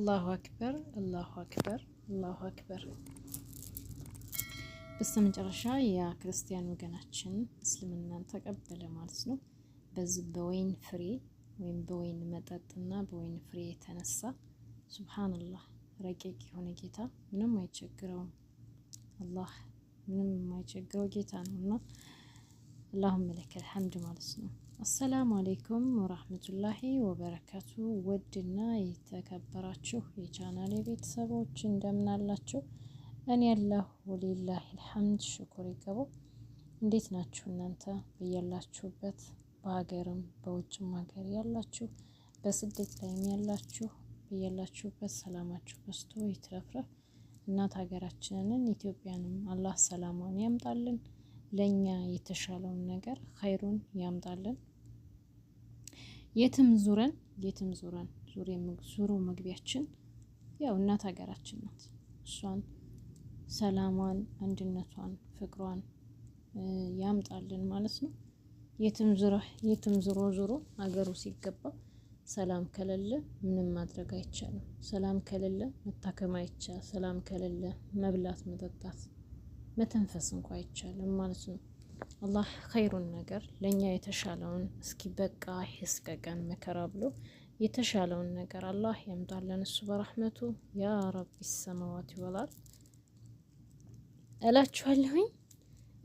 አላሁ አክበር፣ አላሁ አክበር፣ አላሁ አክበር። በስተመጨረሻ የክርስቲያን ወገናችን እስልምናን ተቀበለ ማለት ነው። በዚህ በወይን ፍሬ ወይም በወይን መጠጥና በወይን ፍሬ የተነሳ ሱብሃንአላህ ረቂቅ የሆነ ጌታ ምንም አይቸግረውም። አላህ ምንም የማይቸግረው ጌታ ነውና አላሁመ ለከል ሐምድ ማለት ነው። አሰላሙ አሌይኩም ወራህመቱላሂ ወበረካቱ። ውድና የተከበራችሁ የቻናል ቤተሰቦች እንደምናላችሁ፣ እኔ ያለሁ ወሊላሂ ልሐምድ ሽኩር ይገቡ። እንዴት ናችሁ እናንተ በያላችሁበት በሀገርም በውጭም ሀገር ያላችሁ በስደት ላይም ያላችሁ በያላችሁበት ሰላማችሁ በዝቶ ይትረፍረፍ። እናት ሀገራችንን ኢትዮጵያንም አላህ ሰላሟን ያምጣልን። ለእኛ የተሻለውን ነገር ኸይሩን ያምጣልን። የትም ዙረን የትም ዙረን ዙሮ መግቢያችን ያው እናት ሀገራችን ናት። እሷን ሰላሟን፣ አንድነቷን፣ ፍቅሯን ያምጣልን ማለት ነው። የትም ዙሮ ዙሮ ሀገሩ ሲገባ ሰላም ከሌለ ምንም ማድረግ አይቻልም። ሰላም ከሌለ መታከም አይቻል። ሰላም ከሌለ መብላት መጠጣት መተንፈስ እንኳ አይቻልም ማለት ነው። አላህ ኸይሩን ነገር ለእኛ የተሻለውን እስኪ በቃ ሄስቀቀን መከራ ብሎ የተሻለውን ነገር አላህ ያምጣለን እሱ በረህመቱ ያ ረቢ ሰማዋት ይወላል እላችኋለሁኝ።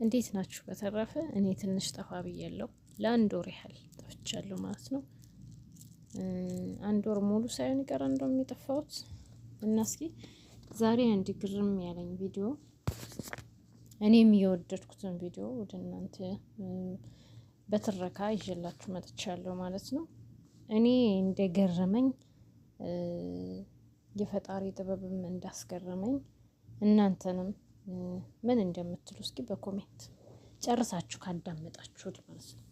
እንዴት ናችሁ? በተረፈ እኔ ትንሽ ጠፋ ብያለሁ። ለአንድ ወር ያህል ጠፍቻለሁ ማለት ነው። አንድ ወር ሙሉ ሳይሆን ይቀር እንደውም የጠፋሁት እና እስኪ ዛሬ አንድ ግርም ያለኝ ቪዲዮ እኔም የወደድኩትን ቪዲዮ ወደ እናንተ በትረካ ይዤላችሁ መጥቻለሁ ማለት ነው። እኔ እንደገረመኝ የፈጣሪ ጥበብም እንዳስገረመኝ እናንተንም ምን እንደምትሉ እስኪ በኮሜንት ጨርሳችሁ ካዳመጣችሁት ማለት ነው።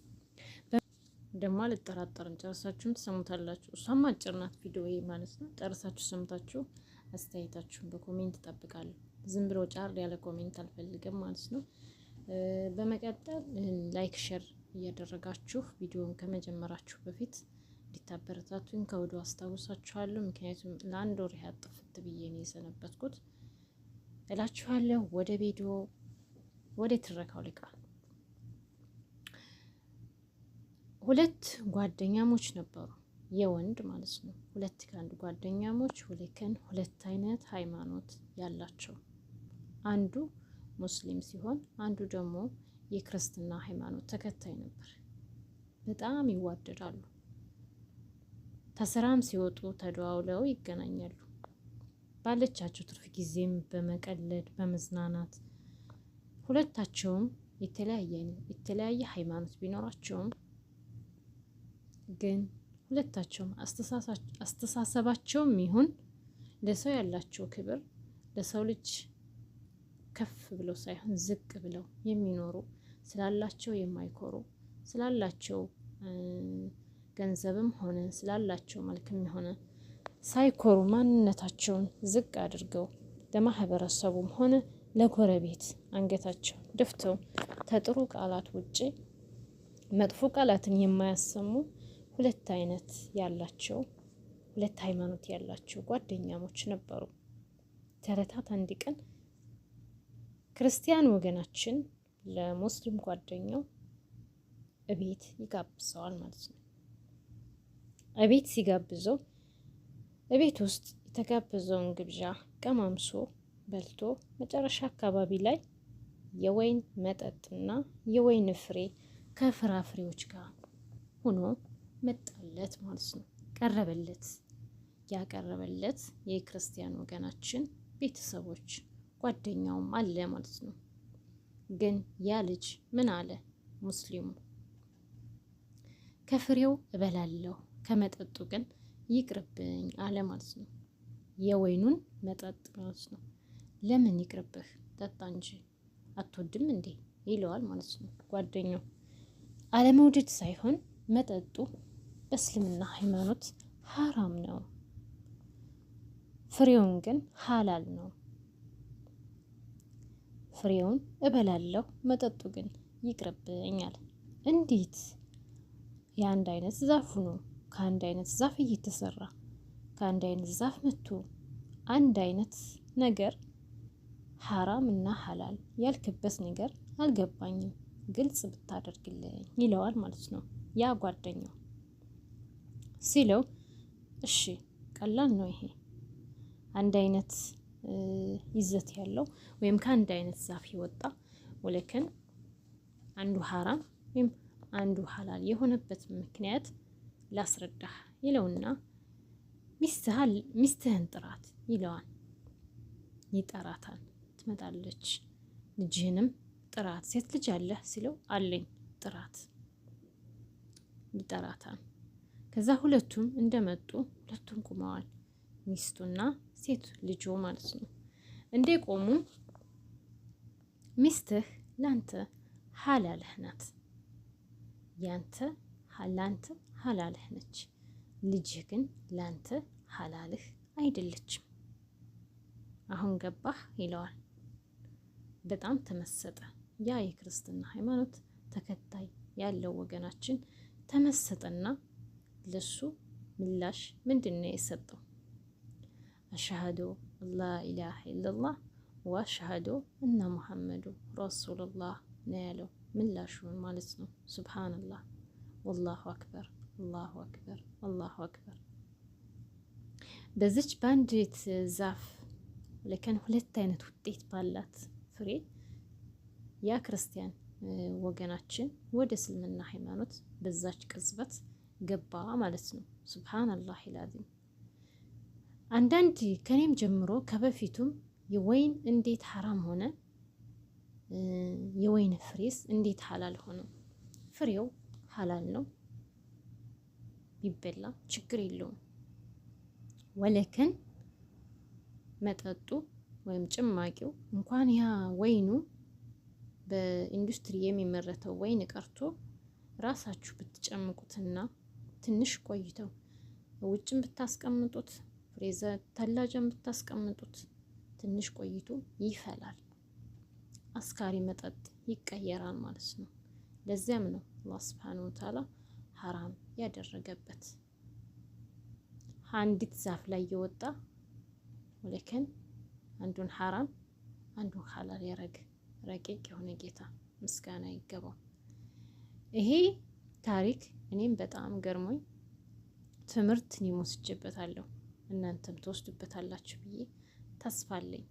ደግሞ አልጠራጠርም ጨርሳችሁም ትሰሙታላችሁ። እሷም አጭር ናት ቪዲዮ ማለት ነው። ጨርሳችሁ ሰምታችሁ አስተያየታችሁን በኮሜንት እጠብቃለሁ። ዝም ብሎ ጫር ያለ ኮሜንት አልፈልግም ማለት ነው። በመቀጠል ላይክ ሸር እያደረጋችሁ ቪዲዮን ከመጀመራችሁ በፊት እንዲታበረታቱኝ ከወዱ አስታውሳችኋለሁ። ምክንያቱም ለአንድ ወር ያህል ብዬ ነው የሰነበትኩት እላችኋለሁ። ወደ ቪዲዮ ወደ ትረካው ልቃ ሁለት ጓደኛሞች ነበሩ፣ የወንድ ማለት ነው። ሁለት ከአንድ ጓደኛሞች ሁለት ከን ሁለት አይነት ሃይማኖት ያላቸው አንዱ ሙስሊም ሲሆን አንዱ ደግሞ የክርስትና ሃይማኖት ተከታይ ነበር። በጣም ይዋደዳሉ። ተስራም ሲወጡ ተደዋውለው ይገናኛሉ። ባለቻቸው ትርፍ ጊዜም በመቀለድ በመዝናናት ሁለታቸውም የተለያየ የተለያየ ሃይማኖት ቢኖራቸውም ግን ሁለታቸውም አስተሳሰባቸውም ይሁን ለሰው ያላቸው ክብር ለሰው ልጅ ከፍ ብለው ሳይሆን ዝቅ ብለው የሚኖሩ ስላላቸው የማይኮሩ ስላላቸው ገንዘብም ሆነ ስላላቸው መልክም ሆነ ሳይኮሩ ማንነታቸውን ዝቅ አድርገው ለማህበረሰቡም ሆነ ለጎረቤት አንገታቸው ደፍተው ከጥሩ ቃላት ውጪ መጥፎ ቃላትን የማያሰሙ ሁለት አይነት ያላቸው ሁለት ሃይማኖት ያላቸው ጓደኛሞች ነበሩ። ተረታት አንድ ቀን ክርስቲያን ወገናችን ለሙስሊም ጓደኛው እቤት ይጋብዘዋል ማለት ነው። እቤት ሲጋብዘው እቤት ውስጥ የተጋበዘውን ግብዣ ቀማምሶ በልቶ መጨረሻ አካባቢ ላይ የወይን መጠጥና የወይን ፍሬ ከፍራፍሬዎች ጋር ሆኖ መጣለት ማለት ነው። ቀረበለት። ያቀረበለት የክርስቲያን ወገናችን ቤተሰቦች ጓደኛውም አለ ማለት ነው። ግን ያ ልጅ ምን አለ? ሙስሊሙ ከፍሬው እበላለሁ ከመጠጡ ግን ይቅርብኝ አለ ማለት ነው። የወይኑን መጠጥ ማለት ነው። ለምን ይቅርብህ? ጠጣ እንጂ አትወድም እንዴ ይለዋል ማለት ነው። ጓደኛው አለመውደድ ሳይሆን መጠጡ በእስልምና ሃይማኖት ሀራም ነው፣ ፍሬውን ግን ሀላል ነው ፍሬውን እበላለሁ፣ መጠጡ ግን ይቅርብኛል። እንዴት የአንድ አይነት ዛፍ ሆኖ ከአንድ አይነት ዛፍ እየተሰራ ከአንድ አይነት ዛፍ መጥቶ አንድ አይነት ነገር ሐራም እና ሐላል ያልክበት ነገር አልገባኝም፣ ግልጽ ብታደርግልኝ ይለዋል ማለት ነው ያ ጓደኛው ሲለው፣ እሺ ቀላል ነው ይሄ አንድ አይነት ይዘት ያለው ወይም ከአንድ አይነት ዛፍ የወጣ ወለከን አንዱ ሀራም ወይም አንዱ ሀላል የሆነበት ምክንያት ላስረዳህ ይለውና ሚስትህን ጥራት ይለዋል። ይጠራታል። ትመጣለች። ልጅህንም ጥራት። ሴት ልጅ አለህ ሲለው አለኝ፣ ጥራት። ይጠራታል። ከዛ ሁለቱም እንደመጡ ሁለቱም ቁመዋል። ሚስቱና ሴት ልጁ ማለት ነው እንዴ ቆሙ ሚስትህ ላንተ ሀላለህ ናት። ያንተ ላንተ ሀላልህ ነች። ልጅህ ግን ላንተ ሀላልህ አይደለችም። አሁን ገባህ ይለዋል። በጣም ተመሰጠ። ያ የክርስትና ሃይማኖት ተከታይ ያለው ወገናችን ተመሰጠና ለሱ ምላሽ ምንድን ነው የሰጠው? አሽሃዱ ላኢላሃ ኢለላህ ወአሽሃዱ እነ ሙሐመዱ ረሱሉላህ ነው ያለው ምላሹን ማለት ነው። ሱብሃነላህ ወላሁ አክበር አላሁ አክበር አላሁ አክበር። በዚች በአንዲት ዛፍ ለከን ሁለት አይነት ውጤት ባላት ፍሬ ያ ክርስቲያን ወገናችን ወደ እስልምና ሃይማኖት በዛች ቅጽበት ገባ ማለት ነው። ሱብሃነላህ አልዓዚም አንዳንድ ከኔም ጀምሮ ከበፊቱም የወይን እንዴት ሀራም ሆነ፣ የወይን ፍሬስ እንዴት ሀላል ሆነ? ፍሬው ሀላል ነው፣ ቢበላ ችግር የለውም። ወለከን መጠጡ ወይም ጭማቂው እንኳን ያ ወይኑ በኢንዱስትሪ የሚመረተው ወይን ቀርቶ ራሳችሁ ብትጨምቁትና ትንሽ ቆይተው ውጭም ብታስቀምጡት ፍሬዘር ተላጅ የምታስቀምጡት ትንሽ ቆይቶ ይፈላል። አስካሪ መጠጥ ይቀየራል ማለት ነው። ለዚያም ነው አላህ ስብሓን ወተዓላ ሀራም ያደረገበት። አንዲት ዛፍ ላይ የወጣ ወለከን አንዱን ሀራም አንዱን ሀላል ያረግ ረቂቅ የሆነ ጌታ ምስጋና ይገባው። ይሄ ታሪክ እኔም በጣም ገርሞኝ ትምህርት እኔም ወስጄበታለሁ። እናንተም ትወስዱበታላችሁ ብዬ ተስፋ አለኝ።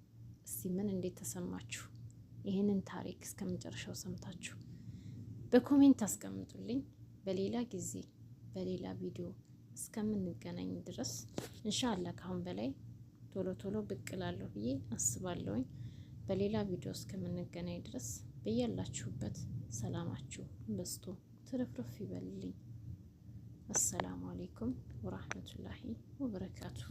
እስቲ ምን እንዴት ተሰማችሁ? ይህንን ታሪክ እስከ መጨረሻው ሰምታችሁ በኮሜንት አስቀምጡልኝ። በሌላ ጊዜ በሌላ ቪዲዮ እስከምንገናኝ ድረስ እንሻላ ካሁን በላይ ቶሎ ቶሎ ብቅ እላለሁ ብዬ አስባለሁኝ። በሌላ ቪዲዮ እስከምንገናኝ ድረስ በያላችሁበት ሰላማችሁ በዝቶ ትርፍርፍ ይበልልኝ። አሰላሙ አሌይኩም ወራህመቱላሂ ወበረካቱሁ።